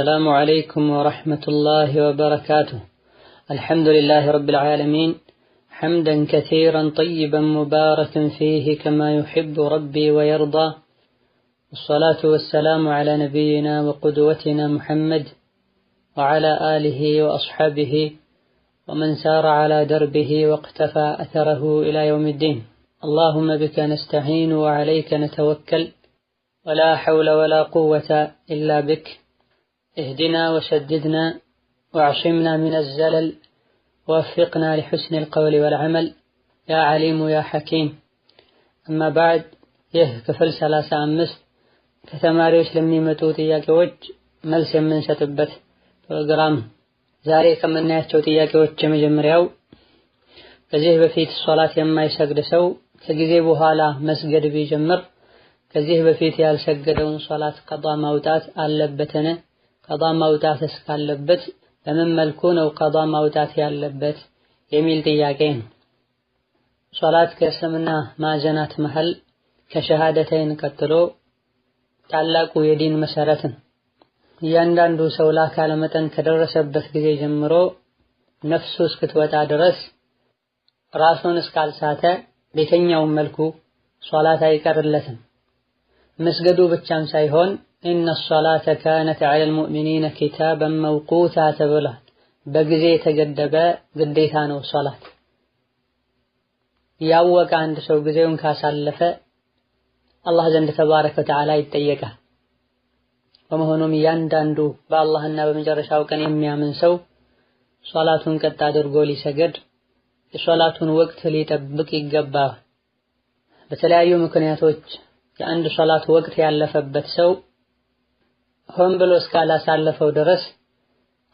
السلام عليكم ورحمة الله وبركاته الحمد لله رب العالمين حمدا كثيرا طيبا مباركا فيه كما يحب ربي ويرضى والصلاة والسلام على نبينا وقدوتنا محمد وعلى آله وأصحابه ومن سار على دربه واقتفى أثره إلى يوم الدين اللهم بك نستعين وعليك نتوكل ولا حول ولا قوة إلا بك اهدنا وسددنا واعصمنا من الزلل ووفقنا لحسن القول والعمل يا عليم يا حكيم أما بعد ይህ ክፍል 35 ከተማሪዎች ለሚመጡ ጥያቄዎች መልስ የምንሰጥበት ፕሮግራም ዛሬ ከምናያቸው ጥያቄዎች የመጀመሪያው ከዚህ በፊት ሶላት የማይሰግድ ሰው ከጊዜ በኋላ መስገድ ቢጀምር ከዚህ በፊት ያልሰገደውን ሶላት ቀዷ ማውጣት አለበትን ቀዷ ማውጣት እስካለበት በምን መልኩ ነው ቀዷ ማውጣት ያለበት የሚል ጥያቄ ነው። ሶላት ከእስልምና ማዕዘናት መሃል ከሸሃደተይን ቀጥሎ ታላቁ የዲን መሰረት ነው። እያንዳንዱ ሰው ለአካለ መጠን ከደረሰበት ጊዜ ጀምሮ ነፍሱ እስክትወጣ ድረስ ራሱን እስካልሳተ በየትኛውም መልኩ ሶላት አይቀርለትም። መስገዱ ብቻም ሳይሆን ኢነ ሶላተ ካነት ዐለል ሙእሚኒነ ኪታበን መውቁታ ተብሏል። በጊዜ የተገደበ ግዴታ ነው ሶላት ያወቀ አንድ ሰው ጊዜውን ካሳለፈ አላህ ዘንድ ተባረከ ወተዓላ ይጠየቃል። በመሆኑም እያንዳንዱ በአላህና በመጨረሻው ቀን የሚያምን ሰው ሶላቱን ቀጥ አድርጎ ሊሰገድ የሶላቱን ወቅት ሊጠብቅ ይገባል። በተለያዩ ምክንያቶች የአንድ ሶላት ወቅት ያለፈበት ሰው ሆን ብሎ እስካላሳለፈው ድረስ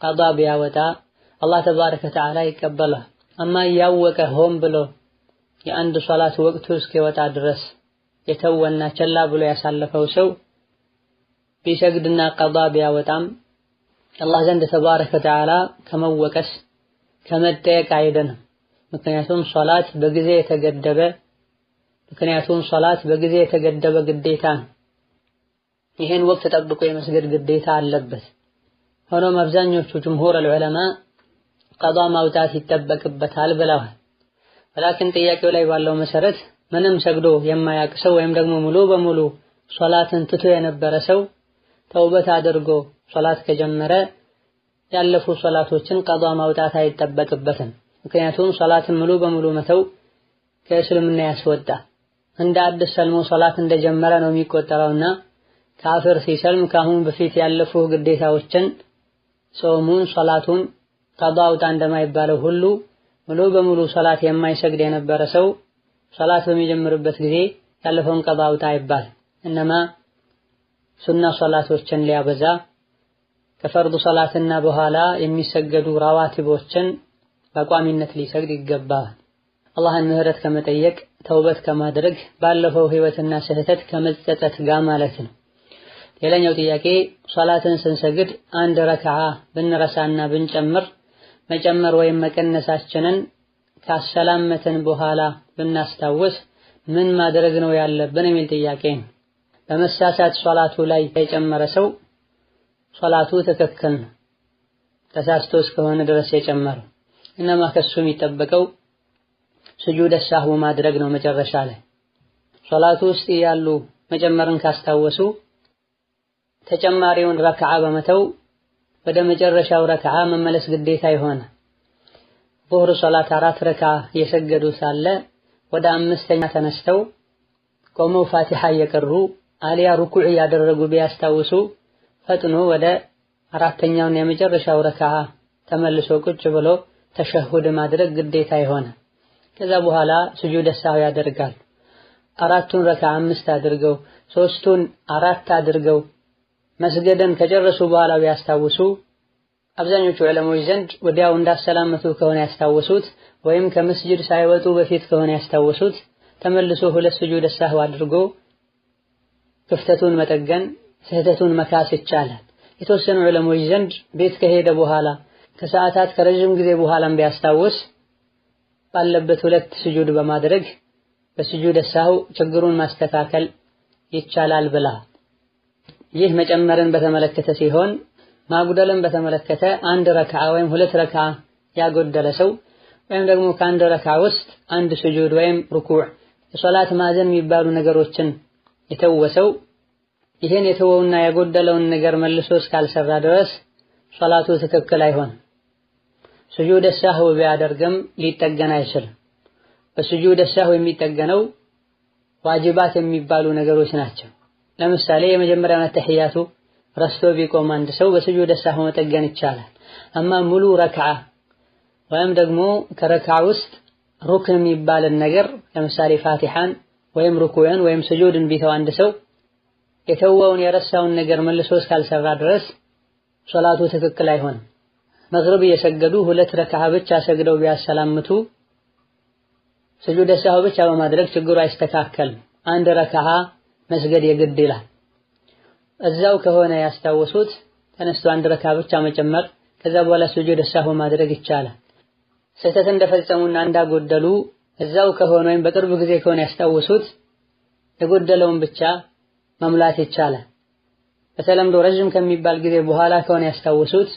ቀዷ ቢያወጣ አላህ ተባረከ ወተዓላ ይቀበላል። አማ እያወቀ ሆን ብሎ የአንድ ሶላት ወቅቱ እስኪወጣ ድረስ የተወና ቸላ ብሎ ያሳለፈው ሰው ቢሰግድና ቀዷ ቢያወጣም አላህ ዘንድ ተባረከ ወተዓላ ከመወቀስ ከመጠየቅ አይደንም። ምክንያቱም ሶላት በጊዜ የተገደበ ምክንያቱም ሶላት በጊዜ የተገደበ ግዴታ ነው። ይሄን ወቅት ተጠብቆ የመስገድ ግዴታ አለበት። ሆኖም አብዛኞቹ ጅምሁር አልዑለማ ቀዷ ማውጣት ይጠበቅበታል ብለዋል። ላኪን ጥያቄው ላይ ባለው መሰረት ምንም ሰግዶ የማያውቅ ሰው ወይም ደግሞ ሙሉ በሙሉ ሶላትን ትቶ የነበረ ሰው ተውበት አድርጎ ሶላት ከጀመረ ያለፉ ሶላቶችን ቀዷ ማውጣት አይጠበቅበትም። ምክንያቱም ሶላትን ሙሉ በሙሉ መተው ከእስልምና ያስወጣ እንደ አዲስ ሰልሞ ሶላት እንደጀመረ ነው የሚቆጠረውና ካፍር ሲሰልም ከአሁን በፊት ያለፉ ግዴታዎችን ጾሙን፣ ሶላቱን ቀዷ እንደማይባለው ሁሉ ሙሉ በሙሉ ሶላት የማይሰግድ የነበረ ሰው ሶላት በሚጀምርበት ጊዜ ያለፈውን ቀዷ ይባል አይባል። እነማ ሱና ሶላቶችን ሊያበዛ ከፈርዱ ሶላትና በኋላ የሚሰገዱ ራዋቲቦችን በቋሚነት ሊሰግድ ይገባል። አላህን ምህረት ከመጠየቅ ተውበት ከማድረግ ባለፈው ህይወትና ስህተት ከመጸጸት ጋር ማለት ነው። ሌላኛው ጥያቄ ሶላትን ስንሰግድ አንድ ረክዓ ብንረሳና ብንጨምር መጨመር ወይም መቀነሳችንን ካሰላመትን በኋላ ብናስታውስ ምን ማድረግ ነው ያለብን የሚል ጥያቄ በመሳሳት ሶላቱ ላይ የጨመረ ሰው ሶላቱ ትክክል ነው። ተሳስቶ እስከሆነ ድረስ የጨመረው እነማ ከሱ የሚጠበቀው ስጁድ ሳሁ ማድረግ ነው። መጨረሻ ላይ ሶላቱ ውስጥ ያሉ መጨመርን ካስታወሱ ተጨማሪውን ረክዓ በመተው ወደ መጨረሻው ረክዓ መመለስ ግዴታ ይሆነ። ዙህር ሶላት አራት ረክዓ እየሰገዱ ሳለ ወደ አምስተኛ ተነስተው ቆመው ፋቲሓ እየቀሩ አሊያ ሩኩዕ እያደረጉ ቢያስታውሱ ፈጥኖ ወደ አራተኛውን የመጨረሻው ረክዓ ተመልሶ ቁጭ ብሎ ተሸሁድ ማድረግ ግዴታ ይሆነ። ከዛ በኋላ ስጁድ ሳህው ያደርጋል። አራቱን ረክዓ አምስት አድርገው ሶስቱን አራት አድርገው መስገደን ከጨረሱ በኋላ ቢያስታውሱ አብዛኞቹ ዕለሞች ዘንድ ወዲያው እንዳሰላመቱ ከሆነ ያስታወሱት ወይም ከመስጅድ ሳይወጡ በፊት ከሆነ ያስታወሱት ተመልሶ ሁለት ስጁድ ሳህው አድርጎ ክፍተቱን መጠገን ስህተቱን መካስ ይቻላል። የተወሰኑ ዕለሞች ዘንድ ቤት ከሄደ በኋላ ከሰዓታት ከረዥም ጊዜ በኋላም ቢያስታውስ ባለበት ሁለት ስጁድ በማድረግ በስጁድ ሳህው ችግሩን ማስተካከል ይቻላል ብላ ይህ መጨመርን በተመለከተ ሲሆን ማጉደልን በተመለከተ አንድ ረካ ወይም ሁለት ረካ ያጎደለ ሰው ወይም ደግሞ ከአንድ ረካ ውስጥ አንድ ስጁድ ወይም ሩኩዕ የሶላት ማዘን የሚባሉ ነገሮችን የተወሰው ይህን የተወውና ያጎደለውን ነገር መልሶ እስካልሰራ ድረስ ሶላቱ ትክክል አይሆን። ስጁድ ሰህው ቢያደርግም ሊጠገን አይችልም። በስጁድ ሰህው የሚጠገነው ዋጅባት የሚባሉ ነገሮች ናቸው። ለምሳሌ የመጀመሪያ መተህያቱ ረስቶ ቢቆም አንድ ሰው በስጁድ ሳሁ መጠገን ይቻላል። አማ ሙሉ ረክዓ ወይም ደግሞ ከረክዓ ውስጥ ሩክን የሚባልን ነገር ለምሳሌ ፋቲሓን ወይም ሩኩዕን ወይም ስጁድን ቢተው አንድ ሰው የተወውን የረሳውን ነገር መልሶ እስካልሰራ ድረስ ሶላቱ ትክክል አይሆንም። መግሪብ እየሰገዱ ሁለት ረክዓ ብቻ ሰግደው ቢያሰላምቱ ስጁድ ሳሁ ብቻ በማድረግ ችግሩ አይስተካከልም። አንድ ረክዓ መስገድ የግድ ይላል። እዛው ከሆነ ያስታወሱት ተነስቶ አንድ ረካ ብቻ መጨመር፣ ከዛ በኋላ ሱጁድ ሳሁ ማድረግ ይቻላል። ስህተት እንደፈጸሙና እንዳጎደሉ እዛው ከሆነ ወይም በቅርብ ጊዜ ከሆነ ያስታወሱት የጎደለውን ብቻ መሙላት ይቻላል። በተለምዶ ረዥም ከሚባል ጊዜ በኋላ ከሆነ ያስታወሱት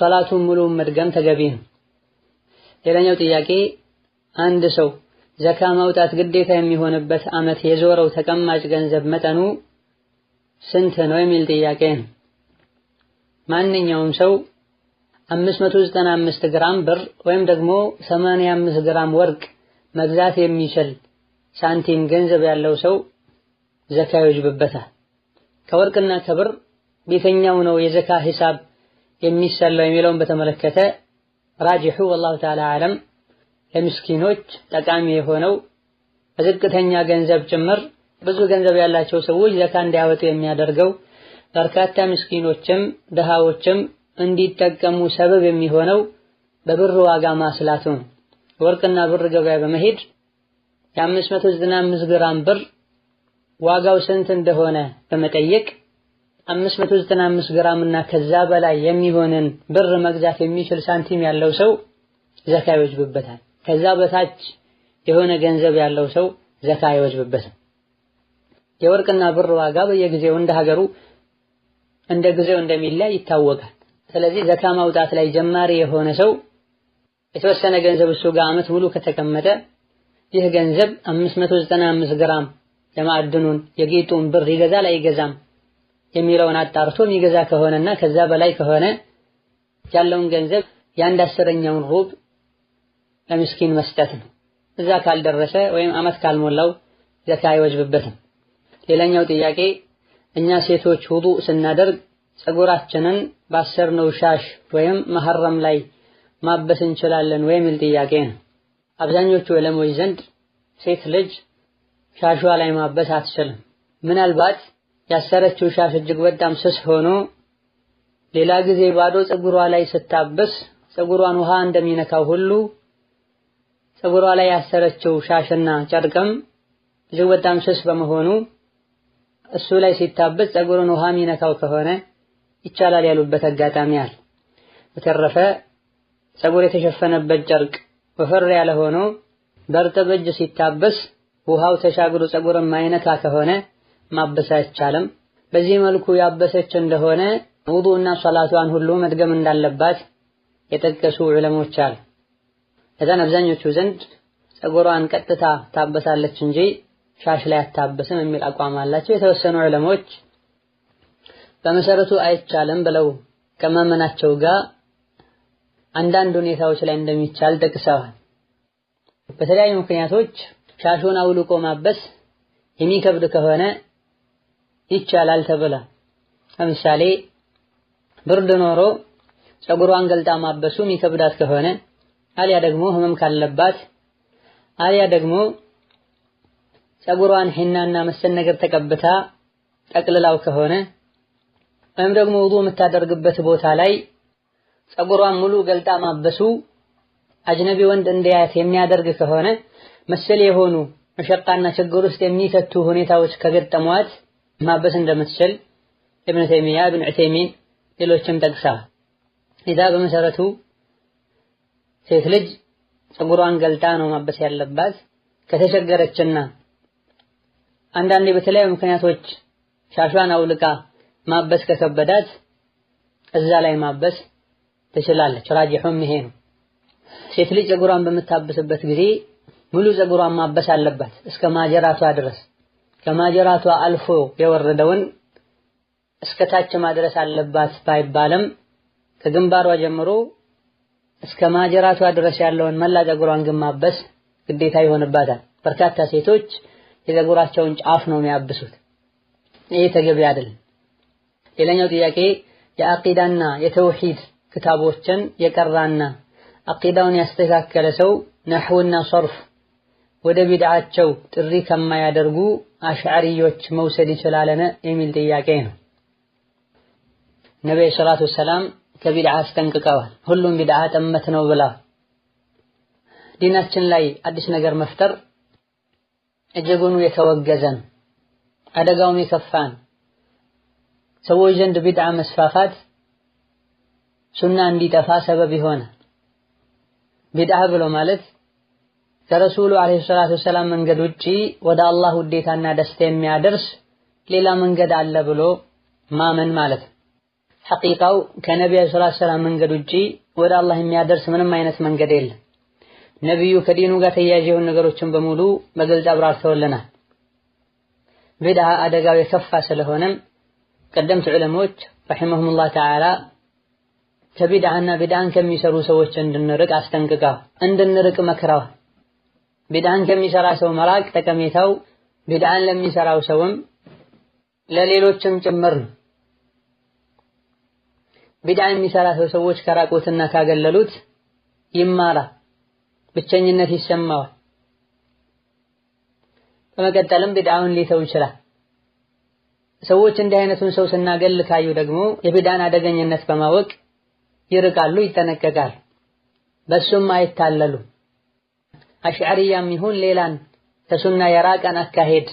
ሶላቱን ሙሉ መድገም ተገቢ ነው። ሌላኛው ጥያቄ አንድ ሰው ዘካ ማውጣት ግዴታ የሚሆንበት አመት የዞረው ተቀማጭ ገንዘብ መጠኑ ስንት ነው የሚል ጥያቄ ነው። ማንኛውም ሰው 595 ግራም ብር ወይም ደግሞ 85 ግራም ወርቅ መግዛት የሚችል ሳንቲም ገንዘብ ያለው ሰው ዘካ ይወጅብበታል። ከወርቅና ከብር ቤተኛው ነው የዘካ ሂሳብ የሚሰላው የሚለውን በተመለከተ ራጅሑ ወላሁ ተዓላ አለም ለምስኪኖች ጠቃሚ የሆነው በዝቅተኛ ገንዘብ ጭምር ብዙ ገንዘብ ያላቸው ሰዎች ዘካ እንዲያወጡ የሚያደርገው በርካታ ምስኪኖችም ድሃዎችም እንዲጠቀሙ ሰበብ የሚሆነው በብር ዋጋ ማስላቱ ነው። ወርቅና ብር ገበያ በመሄድ የአምስት መቶ ዘጠና አምስት ግራም ብር ዋጋው ስንት እንደሆነ በመጠየቅ አምስት መቶ ዘጠና አምስት ግራም እና ከዛ በላይ የሚሆንን ብር መግዛት የሚችል ሳንቲም ያለው ሰው ዘካ ይወጅብበታል። ከዛ በታች የሆነ ገንዘብ ያለው ሰው ዘካ አይወጅብበትም። የወርቅና ብር ዋጋ በየጊዜው እንደ ሀገሩ እንደ ጊዜው እንደሚለያይ ይታወቃል። ስለዚህ ዘካ ማውጣት ላይ ጀማሪ የሆነ ሰው የተወሰነ ገንዘብ እሱ ጋር ዓመት ሙሉ ከተቀመጠ ይህ ገንዘብ 595 ግራም የማዕድኑን የጌጡን ብር ይገዛል አይገዛም የሚለውን አጣርቶ የሚገዛ ከሆነና ከዛ በላይ ከሆነ ያለውን ገንዘብ የአንድ አስረኛውን ሩብ ለምስኪን መስጠት ነው። እዛ ካልደረሰ ወይም አመት ካልሞላው ዘካ አይወጅብበትም። ሌላኛው ጥያቄ እኛ ሴቶች ውጡ ስናደርግ ጸጉራችንን ባሰርነው ሻሽ ወይም መሐረም ላይ ማበስ እንችላለን ወይ የሚል ጥያቄ ነው። አብዛኞቹ ዑለሞች ዘንድ ሴት ልጅ ሻሿ ላይ ማበስ አትችልም። ምናልባት ያሰረችው ሻሽ እጅግ በጣም ስስ ሆኖ ሌላ ጊዜ ባዶ ጸጉሯ ላይ ስታበስ ጸጉሯን ውሃ እንደሚነካው ሁሉ ፀጉሯ ላይ ያሰረችው ሻሽና ጨርቅም እጅግ በጣም ስስ በመሆኑ እሱ ላይ ሲታበስ ጸጉሩን ውሃ የሚነካው ከሆነ ይቻላል ያሉበት አጋጣሚ አለ። በተረፈ ፀጉር የተሸፈነበት ጨርቅ ወፈር ያለ ሆኖ በእርጥብ እጅ ሲታበስ ውሃው ተሻግሮ ፀጉርን ማይነካ ከሆነ ማበስ አይቻልም። በዚህ መልኩ ያበሰች እንደሆነ ውዱእና ሰላቷን ሁሉ መድገም እንዳለባት የጠቀሱ ዑለሞች አሉ። እዛን አብዛኞቹ ዘንድ ጸጉሯን ቀጥታ ታበሳለች እንጂ ሻሽ ላይ አታበስም የሚል አቋም አላቸው። የተወሰኑ ዑለሞች በመሰረቱ አይቻልም ብለው ከማመናቸው ጋር አንዳንድ ሁኔታዎች ላይ እንደሚቻል ጠቅሰዋል። በተለያዩ ምክንያቶች ሻሹን አውልቆ ማበስ የሚከብድ ከሆነ ይቻላል ተብሏል። ለምሳሌ ብርድ ኖሮ ጸጉሯን ገልጣ ማበሱ የሚከብዳት ከሆነ አሊያ ደግሞ ህመም ካለባት አሊያ ደግሞ ጸጉሯን ሂናና መሰል ነገር ተቀብታ ጠቅልላው ከሆነ ወይም ደግሞ ውዱእ የምታደርግበት ቦታ ላይ ጸጉሯን ሙሉ ገልጣ ማበሱ አጅነቢ ወንድ እንዲያያት የሚያደርግ ከሆነ መሰል የሆኑ መሸቃና ችግር ውስጥ የሚተቱ ሁኔታዎች ከገጠሟት ማበስ እንደምትችል ኢብኑ ተይሚያ፣ ኢብኑ ዑሰይሚን ሌሎችም ጠቅሳ ይዛ በመሰረቱ ሴት ልጅ ፀጉሯን ገልጣ ነው ማበስ ያለባት። ከተቸገረችና አንዳንዴ በተለያዩ ምክንያቶች ሻሿን አውልቃ ማበስ ከከበዳት እዛ ላይ ማበስ ትችላለች። ራጅሑም ይሄ ነው። ሴት ልጅ ፀጉሯን በምታብስበት ጊዜ ሙሉ ፀጉሯን ማበስ አለባት እስከ ማጀራቷ ድረስ። ከማጀራቷ አልፎ የወረደውን እስከታች ማድረስ አለባት ባይባልም ከግንባሯ ጀምሮ እስከ ማጀራቷ ድረስ ያለውን መላ ፀጉሯን ግን ማበስ ግዴታ ይሆንባታል። በርካታ ሴቶች የፀጉራቸውን ጫፍ ነው የሚያብሱት። ይሄ ተገቢ አይደለም። ሌላኛው ጥያቄ የአቂዳና የተውሂድ ክታቦችን የቀራና አቂዳውን ያስተካከለ ሰው ነህውና ሰርፍ ወደ ቢድዓቸው ጥሪ ከማያደርጉ አሽዓሪዎች መውሰድ ይችላልን? የሚል ጥያቄ ነው። ነብይ ሰላቱ ሰላም ከቢድዓ አስጠንቅቀዋል። ሁሉም ቢድዓ ጠመት ነው ብላ ዲናችን ላይ አዲስ ነገር መፍጠር እጅጉኑ የተወገዘን አደጋውም የከፋን ሰዎች ዘንድ ቢድዓ መስፋፋት ሱና እንዲጠፋ ሰበብ ይሆነ ቢድዓ ብሎ ማለት ከረሱሉ ዓለይሂ ሰላቱ ወሰላም መንገድ ውጪ ወደ አላህ ውዴታና ደስታ የሚያደርስ ሌላ መንገድ አለ ብሎ ማመን ማለት ነው። ሐቂቃው ከነቢዩ ሰለላሁ ዐለይሂ ወሰለም መንገድ ውጪ ወደ አላህ የሚያደርስ ምንም አይነት መንገድ የለም። ነቢዩ ከዲኑ ጋር ተያያዥ የሆኑ ነገሮችን በሙሉ በግልጽ አብራርተውልናል። ቢድዓ አደጋው የከፋ ስለሆነም ቀደምት ዑለሞች ረሒመሁሙላህ ተዓላ ከቢድዓና ቢድዓን ከሚሰሩ ሰዎች እንድንርቅ አስጠንቅቀዋል፣ እንድንርቅ መክረዋል። ቢድዓን ከሚሰራ ሰው መራቅ ጠቀሜታው ቢድዓን ለሚሰራው ሰውም ለሌሎችም ጭምር ነው። ቢድዓ የሚሰራ ሰው ሰዎች ከራቁትና ካገለሉት ይማራ ብቸኝነት ይሰማዋል። በመቀጠልም ቢድዓውን ሊተው ይችላል። ሰዎች እንዲህ አይነቱን ሰው ስናገል ካዩ ደግሞ የቢድዓን አደገኝነት በማወቅ ይርቃሉ፣ ይጠነቀቃል። በሱም አይታለሉ። አሽዓሪያም ይሁን ሌላን ከሱና የራቀን አካሄድ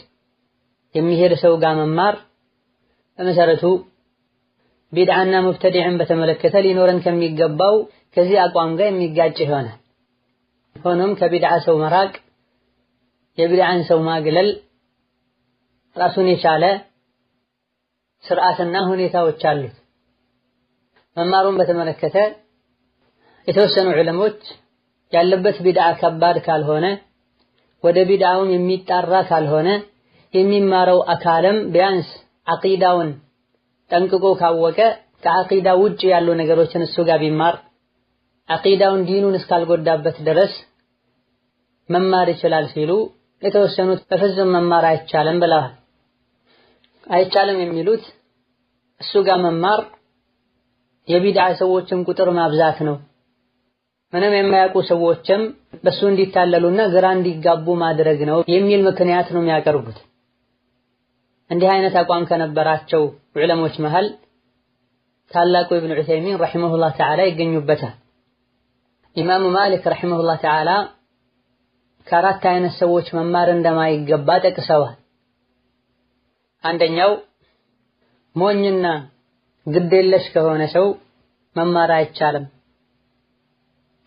የሚሄድ ሰው ጋር መማር በመሰረቱ ቢድዓና ሙብተዲዕን በተመለከተ ሊኖረን ከሚገባው ከዚህ አቋም ጋር የሚጋጭ ይሆናል። ሆኖም ከቢድዓ ሰው መራቅ፣ የቢድዓን ሰው ማግለል ራሱን የቻለ ስርዓትና ሁኔታዎች አሉት። መማሩን በተመለከተ የተወሰኑ ዑለሞች ያለበት ቢድዓ ከባድ ካልሆነ ወደ ቢድዓውም የሚጣራ ካልሆነ የሚማረው አካልም ቢያንስ አቂዳውን ጠንቅቆ ካወቀ ከአቂዳ ውጭ ያሉ ነገሮችን እሱ ጋር ቢማር አቂዳውን ዲኑን እስካልጎዳበት ድረስ መማር ይችላል ሲሉ የተወሰኑት በፍጹም መማር አይቻልም ብለዋል። አይቻልም የሚሉት እሱ ጋር መማር የቢድዓ ሰዎችን ቁጥር ማብዛት ነው። ምንም የማያውቁ ሰዎችም በሱ እንዲታለሉና ግራ እንዲጋቡ ማድረግ ነው የሚል ምክንያት ነው የሚያቀርቡት። እንዲህ አይነት አቋም ከነበራቸው ዑለሞች መሃል ታላቁ ኢብኑ ዑሰይሚን ረሒመሁላህ ተዓላ ይገኙበታል። ኢማሙ ማሊክ ረሒመሁላህ ተዓላ ከአራት አይነት ሰዎች መማር እንደማይገባ ጠቅሰዋል። አንደኛው ሞኝና ግዴለሽ ከሆነ ሰው መማር አይቻልም።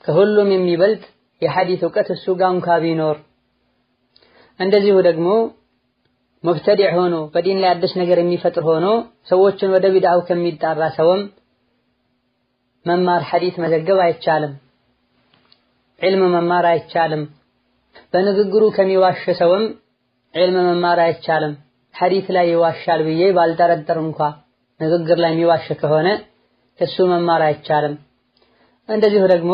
ከሁሉም የሚበልጥ የሐዲስ እውቀት እሱ ጋር እንኳ ቢኖር እንደዚሁ ደግሞ ሙብተዲዕ ሆኖ በዲን ላይ አዲስ ነገር የሚፈጥር ሆኖ ሰዎችን ወደ ቢድዓው ከሚጣራ ሰውም መማር ሐዲት መዘገብ አይቻልም። ዒልም መማር አይቻልም። በንግግሩ ከሚዋሽ ሰውም ዒልም መማር አይቻልም። ሐዲት ላይ ይዋሻል ብዬ ባልጠረጠር እንኳ ንግግር ላይ የሚዋሽ ከሆነ ከሱ መማር አይቻልም። እንደዚሁ ደግሞ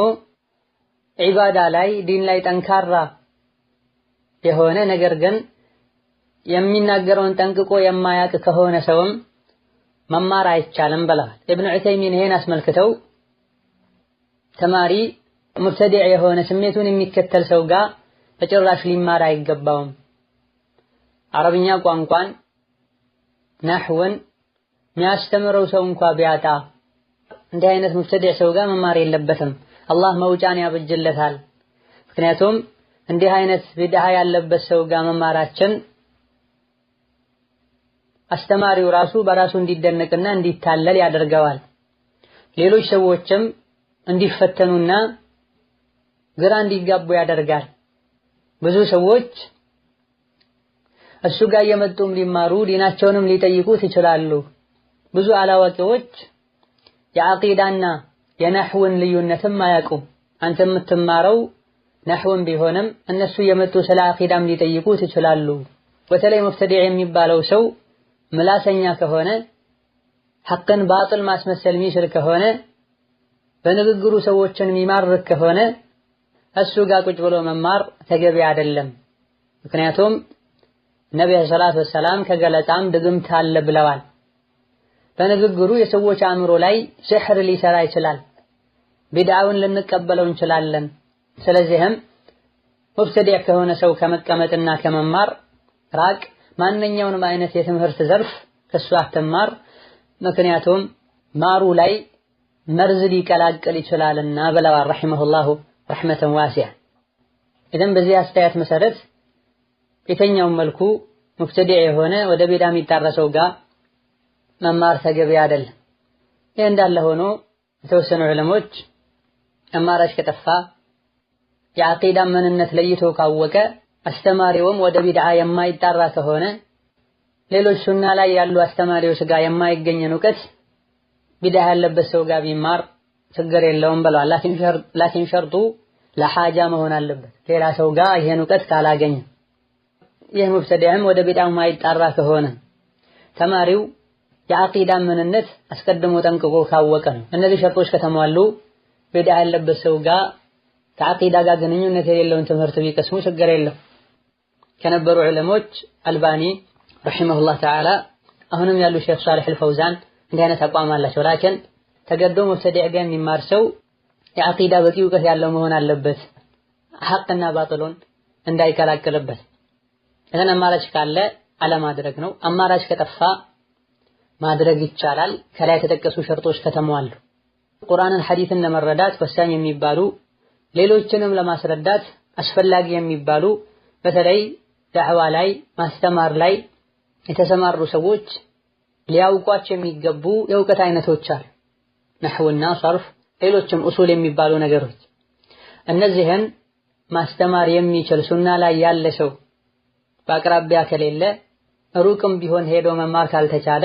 ዒባዳ ላይ ዲን ላይ ጠንካራ የሆነ ነገር ግን የሚናገረውን ጠንቅቆ የማያውቅ ከሆነ ሰውም መማር አይቻልም ብለዋል። ኢብኑ ዑሰይሚን ይሄን አስመልክተው ተማሪ ሙብተዲዕ የሆነ ስሜቱን የሚከተል ሰው ጋር በጭራሽ ሊማር አይገባውም። አረብኛ ቋንቋን ነህውን የሚያስተምረው ሰው እንኳ ቢያጣ እንዲህ አይነት ሙብተዲዕ ሰው ጋር መማር የለበትም። አላህ መውጫን ያበጅለታል። ምክንያቱም እንዲህ አይነት ቢድዓ ያለበት ሰው ጋር መማራችን አስተማሪው ራሱ በራሱ እንዲደነቅና እንዲታለል ያደርገዋል። ሌሎች ሰዎችም እንዲፈተኑና ግራ እንዲጋቡ ያደርጋል። ብዙ ሰዎች እሱ ጋር የመጡም ሊማሩ ዲናቸውንም ሊጠይቁት ይችላሉ። ብዙ አላዋቂዎች የአቂዳና የነህውን ልዩነትም አያውቁም። አንተ የምትማረው ነህውን ቢሆንም እነሱ የመጡ ስለ አቂዳም ሊጠይቁት ይችላሉ። በተለይ ሙብተዲዕ የሚባለው ሰው ምላሰኛ ከሆነ ሐቅን ባጥል ማስመሰል የሚችል ከሆነ በንግግሩ ሰዎችን የሚማርክ ከሆነ እሱ ጋር ቁጭ ብሎ መማር ተገቢ አይደለም። ምክንያቱም ነቢዩ ሰላቱ ወሰላም ከገለጻም ድግምት አለ ብለዋል። በንግግሩ የሰዎች አእምሮ ላይ ስሕር ሊሰራ ይችላል። ቢድዓውን ልንቀበለው እንችላለን። ስለዚህም ሙብተዲዕ ከሆነ ሰው ከመቀመጥና ከመማር ራቅ ማንኛውንም አይነት የትምህርት ዘርፍ ከእሱ አትማር፣ ምክንያቱም ማሩ ላይ መርዝ ሊቀላቀል ይችላልና ብለዋል ረሒመሁላሁ ረሕመተን ዋሲያ። ኢደን በዚህ አስተያየት መሰረት የተኛውን መልኩ ሙብተዲዕ የሆነ ወደ ቤዳ የሚጣረሰው ጋ ጋር መማር ተገቢ አይደለም። ይህ እንዳለ ሆኖ የተወሰኑ ዑለሞች አማራጭ ከጠፋ የአቂዳ ምንነት ለይቶ ካወቀ አስተማሪውም ወደ ቢድዓ የማይጣራ ከሆነ ሌሎች ሱና ላይ ያሉ አስተማሪዎች ጋር የማይገኝን እውቀት ቢድዓ ያለበት ሰው ጋር ቢማር ችግር የለውም ብለዋል። ላኪን ሸርጡ ለሓጃ መሆን አለበት። ሌላ ሰው ጋር ይሄን እውቀት ካላገኘ ይህ ሙብተዲዕም ወደ ቢድዓ የማይጣራ ከሆነ ተማሪው የአቂዳ ምንነት አስቀድሞ ጠንቅቆ ካወቀ ነው። እነዚህ ሸርጦች ከተሟሉ ቢድዓ ያለበት ሰው ጋር ከአቂዳ ጋር ግንኙነት የሌለውን ትምህርት ቢቀስሙ ችግር የለውም። ከነበሩ ዕለሞች አልባኒ ረሒመሁላህ ተዓላ አሁንም ያሉ ሼክ ሳልሕ አልፈውዛን እንዲህ አይነት አቋም አላቸው። ላኪን ተገዶ መብተዲዕ ጋር የሚማር ሰው የዐቂዳ በቂ እውቀት ያለው መሆን አለበት፣ ሐቅና ባጥሎን እንዳይቀላቅልበት። ይህን አማራጭ ካለ አለማድረግ ነው። አማራጭ ከጠፋ ማድረግ ይቻላል፣ ከላይ የተጠቀሱ ሸርጦች ከተሟሉ። ቁርአንን ሐዲስን ለመረዳት ወሳኝ የሚባሉ ሌሎችንም ለማስረዳት አስፈላጊ የሚባሉ በተለይ ዳዕዋ ላይ ማስተማር ላይ የተሰማሩ ሰዎች ሊያውቋቸው የሚገቡ የእውቀት አይነቶች አሉ። ነህውና ሰርፍ፣ ሌሎችም ኡሱል የሚባሉ ነገሮች። እነዚህን ማስተማር የሚችል ሱና ላይ ያለ ሰው በአቅራቢያ ከሌለ ሩቅም ቢሆን ሄዶ መማር ካልተቻለ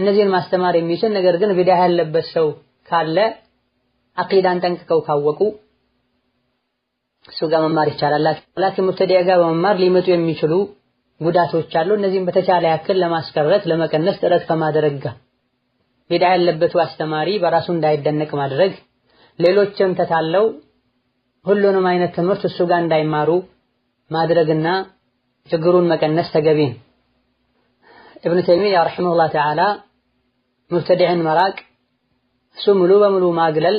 እነዚህን ማስተማር የሚችል ነገር ግን ቢድዓ ያለበት ሰው ካለ አቂዳን ጠንቅቀው ካወቁ እሱ ጋር መማር ይቻላል። ላኪን ሙብተዲያ ጋር በመማር ሊመጡ የሚችሉ ጉዳቶች አሉ። እነዚህም በተቻለ ያክል ለማስቀረት ለመቀነስ ጥረት ከማድረግ ጋር ቢዳ ያለበት አስተማሪ በራሱ እንዳይደነቅ ማድረግ፣ ሌሎችም ተታለው ሁሉንም አይነት ትምህርት እሱ ጋር እንዳይማሩ ማድረግና ችግሩን መቀነስ ተገቢ ነው። ኢብኑ ተይሚያ ረሂመሁላህ ተዓላ ሙብተዲዕን መራቅ እሱ ሙሉ በሙሉ ማግለል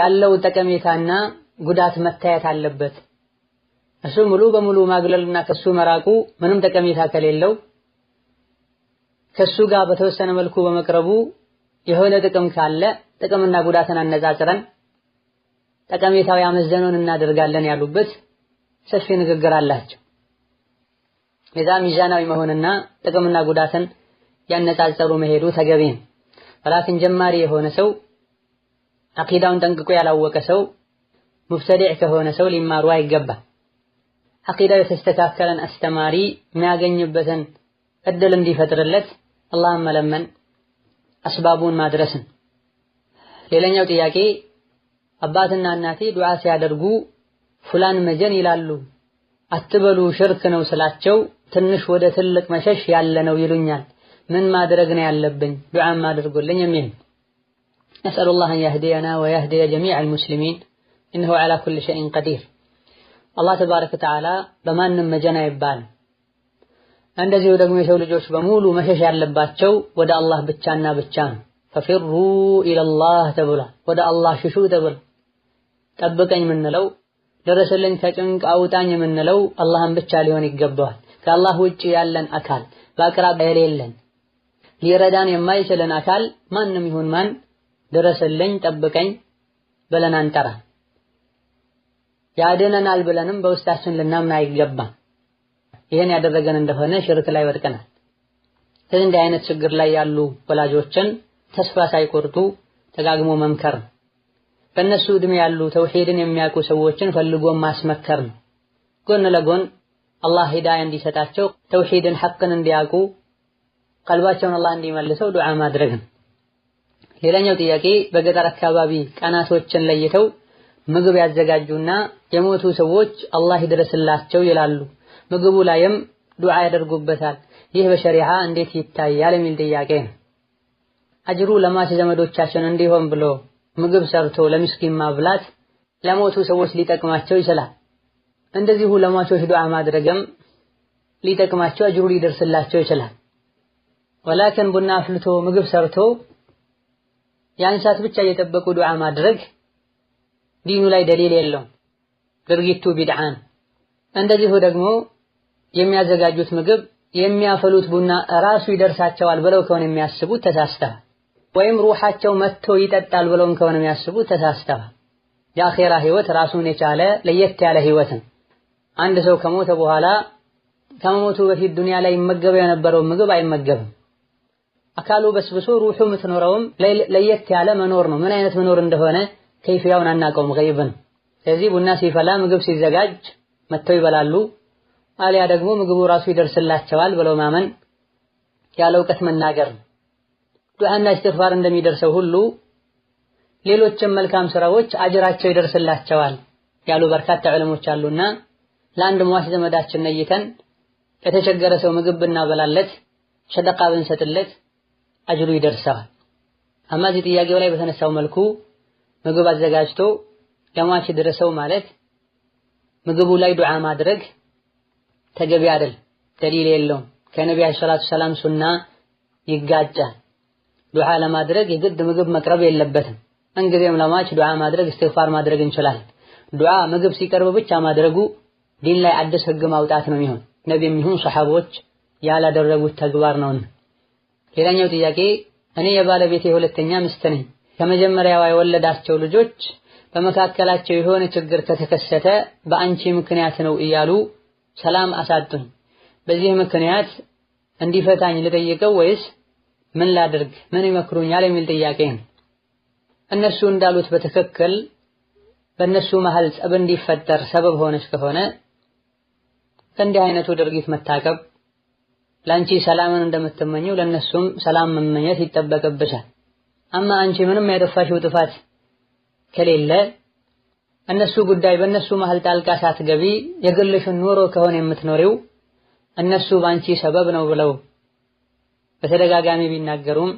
ያለው ጠቀሜታና ጉዳት መታየት አለበት። እሱ ሙሉ በሙሉ ማግለልና ከሱ መራቁ ምንም ጠቀሜታ ከሌለው ከሱ ጋር በተወሰነ መልኩ በመቅረቡ የሆነ ጥቅም ካለ ጥቅምና ጉዳትን አነጻጽረን ጠቀሜታው ያመዘነውን እናደርጋለን ያሉበት ሰፊ ንግግር አላቸው። ለዛ ሚዛናዊ መሆንና ጥቅምና ጉዳትን ያነጻጸሩ መሄዱ ተገቢ ነው። ራስን ጀማሪ የሆነ ሰው አቂዳውን ጠንቅቆ ያላወቀ ሰው ሙብተዲዕ ከሆነ ሰው ሊማሩ አይገባ። አቂዳ የተስተካከለን አስተማሪ የሚያገኝበትን እድል እንዲፈጥርለት አላህን መለመን አስባቡን ማድረስን። ሌላኛው ጥያቄ አባትና እናቴ ዱዓ ሲያደርጉ ፉላን መጀን ይላሉ አትበሉ ሽርክ ነው ስላቸው ትንሽ ወደ ትልቅ መሸሽ ያለ ነው ይሉኛል። ምን ማድረግ ነው ያለብኝ? ዱዓም አድርጎልኝ የሚል ነስአሉላህ አን የህዲየና ወየህዲየ ጀሚዐል ሙስሊሚን እነሆ ዓላ ኩሊ ሸይን ቀዲር አላህ ተባረከ ወተዓላ በማንም መጀን አይባልም። እንደዚሁ ደግሞ የሰው ልጆች በሙሉ መሸሽ ያለባቸው ወደ አላህ ብቻና ብቻ ነው። ፈፊሩ ኢለላህ ተብሏል። ወደ አላህ ሽሹ ተብሏል። ጠብቀኝ የምንለው ደረሰልኝ ከጭንቅ አውጣኝ የምንለው አላህን ብቻ ሊሆን ይገባዋል። ከአላህ ውጭ ያለን አካል በአቅራቢያ የሌለን ሊረዳን የማይችለን አካል ማንም ይሁን ማን ደረሰልኝ፣ ጠብቀኝ ብለን አንጠራ። ያድነናል ብለንም በውስጣችን ልናምን አይገባም። ይህን ያደረገን እንደሆነ ሽርክ ላይ ወድቀናል። ስለዚህ እንዲህ አይነት ችግር ላይ ያሉ ወላጆችን ተስፋ ሳይቆርጡ ተጋግሞ መምከር ነው። በእነሱ ዕድሜ ያሉ ተውሂድን የሚያውቁ ሰዎችን ፈልጎ ማስመከር ነው። ጎን ለጎን አላህ ሂዳያ እንዲሰጣቸው ተውሂድን፣ ሐቅን እንዲያውቁ ቀልባቸውን አላህ እንዲመልሰው ዱዓ ማድረግ ነው። ሌላኛው ጥያቄ በገጠር አካባቢ ቀናቶችን ለይተው ምግብ ያዘጋጁና የሞቱ ሰዎች አላህ ይድረስላቸው ይላሉ። ምግቡ ላይም ዱዓ ያደርጉበታል። ይህ በሸሪዓ እንዴት ይታያል የሚል ጥያቄ ነው። አጅሩ ለማች ዘመዶቻችን እንዲሆን ብሎ ምግብ ሰርቶ ለምስኪን ማብላት ለሞቱ ሰዎች ሊጠቅማቸው ይችላል። እንደዚሁ ለሟቾች ዱዓ ማድረግም ሊጠቅማቸው አጅሩ ሊደርስላቸው ይችላል። ወላከን ቡና አፍልቶ ምግብ ሰርቶ ያንሳት ብቻ እየጠበቁ ዱዓ ማድረግ ዲኑ ላይ ደሊል የለውም፣ ድርጊቱ ቢድዓን። እንደዚሁ ደግሞ የሚያዘጋጁት ምግብ የሚያፈሉት ቡና ራሱ ይደርሳቸዋል ብለው ከሆነ የሚያስቡት ተሳስተዋል። ወይም ሩሓቸው መጥቶ ይጠጣል ብለውም ከሆነ የሚያስቡት ተሳስተዋል። የአኼራ ህይወት ራሱን የቻለ ለየት ያለ ህይወት ነው። አንድ ሰው ከሞተ በኋላ ከመሞቱ በፊት ዱንያ ላይ ይመገበው የነበረው ምግብ አይመገብም። አካሉ በስብሶ ሩሑ የምትኖረውም ለየት ያለ መኖር ነው። ምን አይነት መኖር እንደሆነ ከይፍያውን አናቀውም ገይብን። ስለዚህ ቡና ሲፈላ ምግብ ሲዘጋጅ መጥተው ይበላሉ፣ አሊያ ደግሞ ምግቡ ራሱ ይደርስላቸዋል ብለው ማመን ያለ እውቀት መናገር ነው። ዱዓና እስትግፋር እንደሚደርሰው ሁሉ ሌሎችም መልካም ስራዎች አጅራቸው ይደርስላቸዋል ያሉ በርካታ ዕልሞች አሉና ለአንድ ሟች ዘመዳችን ነይተን የተቸገረ ሰው ምግብ ብናበላለት ሰደቃ ብንሰጥለት አጅሩ ይደርሰዋል። አማ እዚህ ጥያቄው ላይ በተነሳው መልኩ ምግብ አዘጋጅቶ ለሟች ድረሰው ማለት ምግቡ ላይ ዱዓ ማድረግ ተገቢ አይደል፣ ደሊል የለውም። ከነቢዩ ሰላቱ ሰላም ሱና ይጋጫል። ዱዓ ለማድረግ የግድ ምግብ መቅረብ የለበትም። እንግዲህም ለሟች ዱዓ ማድረግ እስትግፋር ማድረግ እንችላለን። ዱዓ ምግብ ሲቀርብ ብቻ ማድረጉ ዲን ላይ አዲስ ህግ ማውጣት ነው የሚሆን ነቢይም ይሁን ሰሐቦች ያላደረጉት ተግባር ነውና። ሌላኛው ጥያቄ እኔ የባለቤቴ ሁለተኛ ሚስት ነኝ። ከመጀመሪያዋ የወለዳቸው ልጆች በመካከላቸው የሆነ ችግር ከተከሰተ በአንቺ ምክንያት ነው እያሉ ሰላም አሳጡኝ። በዚህ ምክንያት እንዲፈታኝ ልጠይቀው ወይስ ምን ላድርግ፣ ምን ይመክሩኛል የሚል ጥያቄ ነው። እነሱ እንዳሉት በትክክል በእነሱ መሀል ጸብ እንዲፈጠር ሰበብ ሆነች ከሆነ ከእንዲህ አይነቱ ድርጊት መታቀብ፣ ለአንቺ ሰላምን እንደምትመኘው ለእነሱም ሰላም መመኘት ይጠበቅብሻል። አማ አንቺ ምንም ያጠፋሽው ጥፋት ከሌለ እነሱ ጉዳይ በእነሱ መሀል ጣልቃ ሳትገቢ የግልሽን ኑሮ ከሆነ የምትኖሪው እነሱ በአንቺ ሰበብ ነው ብለው በተደጋጋሚ ቢናገሩም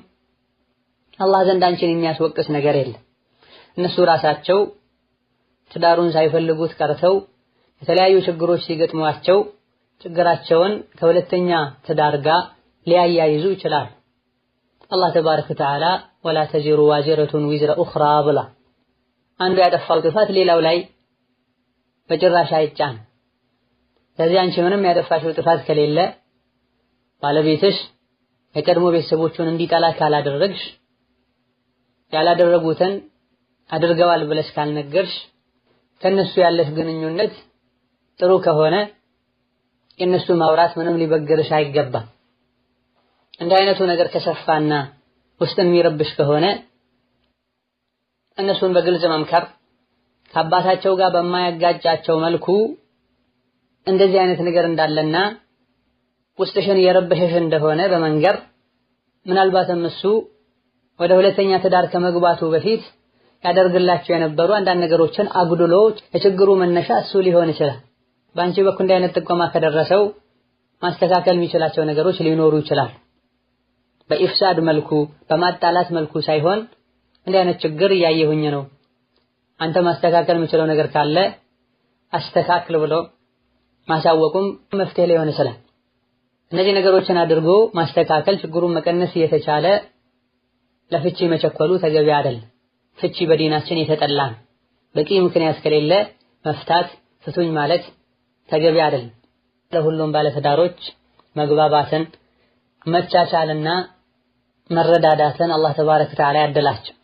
አላህ ዘንድ አንቺን የሚያስወቅስ ነገር የለ እነሱ ራሳቸው ትዳሩን ሳይፈልጉት ቀርተው የተለያዩ ችግሮች ሲገጥሟቸው ችግራቸውን ከሁለተኛ ትዳር ጋር ሊያያይዙ ይችላል። አላህ ተባረከ ወተዓላ ወላ ተዚሩ ዋዚረቱን ዊዝረ ኡኽራ ብላ አንዱ ያጠፋው ጥፋት ሌላው ላይ በጭራሽ አይጫን። ስለዚህ አንቺ ምንም ያጠፋሽው ጥፋት ከሌለ ባለቤትሽ የቀድሞ ቤተሰቦቹን እንዲጠላ ካላደረግሽ ያላደረጉትን አድርገዋል ብለሽ ካልነገርሽ ከነሱ ያለሽ ግንኙነት ጥሩ ከሆነ የነሱ ማውራት ምንም ሊበግርሽ አይገባም። እንደ አይነቱ ነገር ከሰፋና ውስጥን የሚረብሽ ከሆነ እነሱን በግልጽ መምከር ከአባታቸው ጋር በማያጋጫቸው መልኩ እንደዚህ አይነት ነገር እንዳለና ውስጥሽን የረበሸሽ እንደሆነ በመንገር ምናልባትም እሱ ወደ ሁለተኛ ትዳር ከመግባቱ በፊት ያደርግላቸው የነበሩ አንዳንድ ነገሮችን አጉድሎ የችግሩ መነሻ እሱ ሊሆን ይችላል። በአንቺ በኩል እንዲህ አይነት ጥቆማ ከደረሰው ማስተካከል የሚችላቸው ነገሮች ሊኖሩ ይችላል። በኢፍሳድ መልኩ በማጣላት መልኩ ሳይሆን እንዲህ አይነት ችግር እያየሁኝ ነው፣ አንተ ማስተካከል የምችለው ነገር ካለ አስተካክል ብሎ ማሳወቁም መፍትሄ ሆነ ይችላል። እነዚህ ነገሮችን አድርጎ ማስተካከል ችግሩን መቀነስ እየተቻለ ለፍቺ መቸኮሉ ተገቢ አይደለም። ፍቺ በዲናችን የተጠላ በቂ ምክንያት ከሌለ መፍታት ፍቱኝ ማለት ተገቢ አይደለም። ለሁሉም ባለትዳሮች መግባባትን መቻቻልና መረዳዳትን አላህ ተባረከ ወተዓላ ያደላቸው።